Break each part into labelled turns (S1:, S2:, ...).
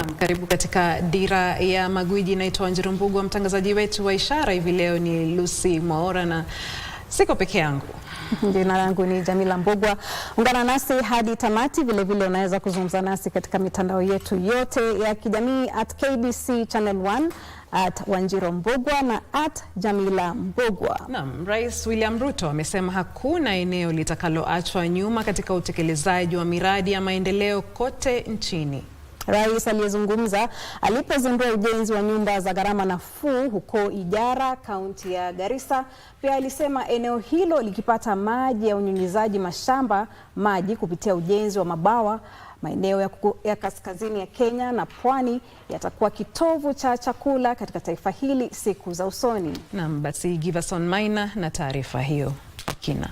S1: Naam, karibu katika Dira ya Magwiji. Naitwa Wanjiru Mbugua. Mtangazaji wetu wa ishara hivi leo ni Lucy Mwaora na siko peke yangu.
S2: Jina langu ni Jamila Mbugwa. Ungana nasi hadi tamati. Vilevile unaweza kuzungumza nasi katika mitandao yetu yote ya kijamii at KBC Channel 1 at Wanjiro Mbugwa na at Jamila Mbugwa.
S1: Naam, Rais William Ruto amesema hakuna eneo litakaloachwa nyuma katika utekelezaji wa miradi ya maendeleo kote nchini.
S2: Rais aliyezungumza alipozindua ujenzi wa nyumba za gharama nafuu huko Ijara, kaunti ya Garissa, pia alisema eneo hilo likipata maji ya unyunyizaji mashamba maji kupitia ujenzi wa mabawa maeneo ya, ya kaskazini ya Kenya na pwani yatakuwa kitovu cha chakula katika taifa hili siku za usoni.
S1: Naam, basi Giverson Maina na taarifa hiyo kwa kina.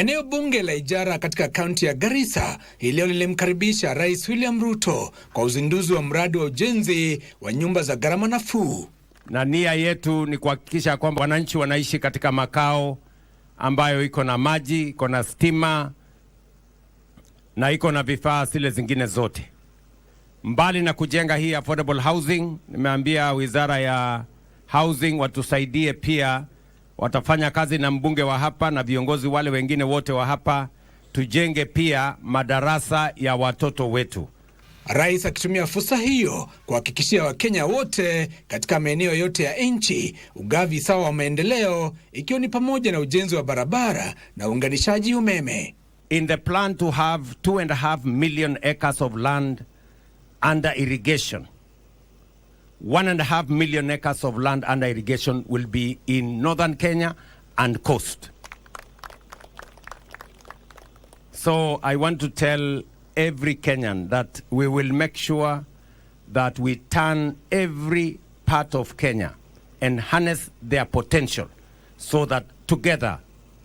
S3: Eneo bunge la Ijara katika kaunti ya Garissa hii leo lilimkaribisha Rais William Ruto kwa uzinduzi wa mradi wa ujenzi wa nyumba za gharama nafuu.
S4: Na nia yetu ni kuhakikisha kwamba wananchi wanaishi katika makao ambayo iko na maji, iko na stima na iko na vifaa zile zingine zote. Mbali na kujenga hii affordable housing, nimeambia Wizara ya Housing watusaidie pia watafanya kazi na mbunge wa hapa na viongozi wale wengine wote wa hapa, tujenge pia madarasa ya watoto wetu.
S3: Rais akitumia fursa hiyo kuhakikishia Wakenya wote katika maeneo yote ya nchi ugavi sawa wa maendeleo, ikiwa ni pamoja na ujenzi wa barabara na uunganishaji umeme.
S5: In the plan to have 2.5 million acres of land under irrigation one and a half million acres of land under irrigation will be in northern Kenya and coast. So I want to tell every Kenyan that we will make sure that we turn every part of Kenya and harness their potential so that together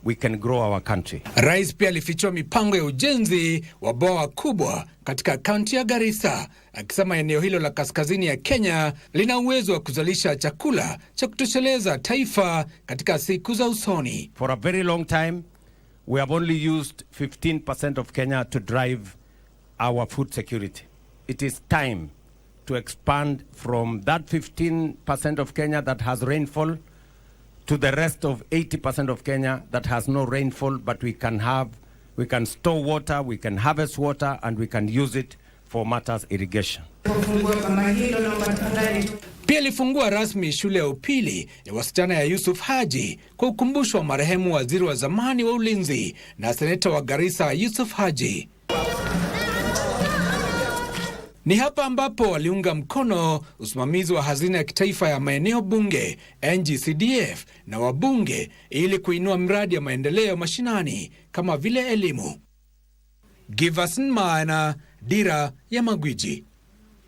S5: we can grow our country.
S3: Rais pia alifichua mipango ya ujenzi wa bwawa kubwa katika kaunti ya Garissa akisema eneo hilo la kaskazini ya Kenya lina uwezo wa kuzalisha chakula cha kutosheleza taifa katika siku za usoni.
S5: For a very long time we have only used 15% of Kenya to drive our food security. It is time to expand from that 15% of Kenya that has rainfall to the rest of 80% of Kenya that has no rainfall, but we can have, we can store water, we can harvest water, and we can use it for matters irrigation.
S3: Pia ilifungua rasmi shule ya upili ya wasichana ya Yusuf Haji kwa ukumbusho wa marehemu waziri wa zamani wa ulinzi na seneta wa Garissa Yusuf Haji. Ni hapa ambapo waliunga mkono usimamizi wa hazina ya kitaifa ya maeneo bunge NGCDF na wabunge ili kuinua mradi ya maendeleo mashinani kama vile elimu. Giverson Maina, Dira ya Magwiji.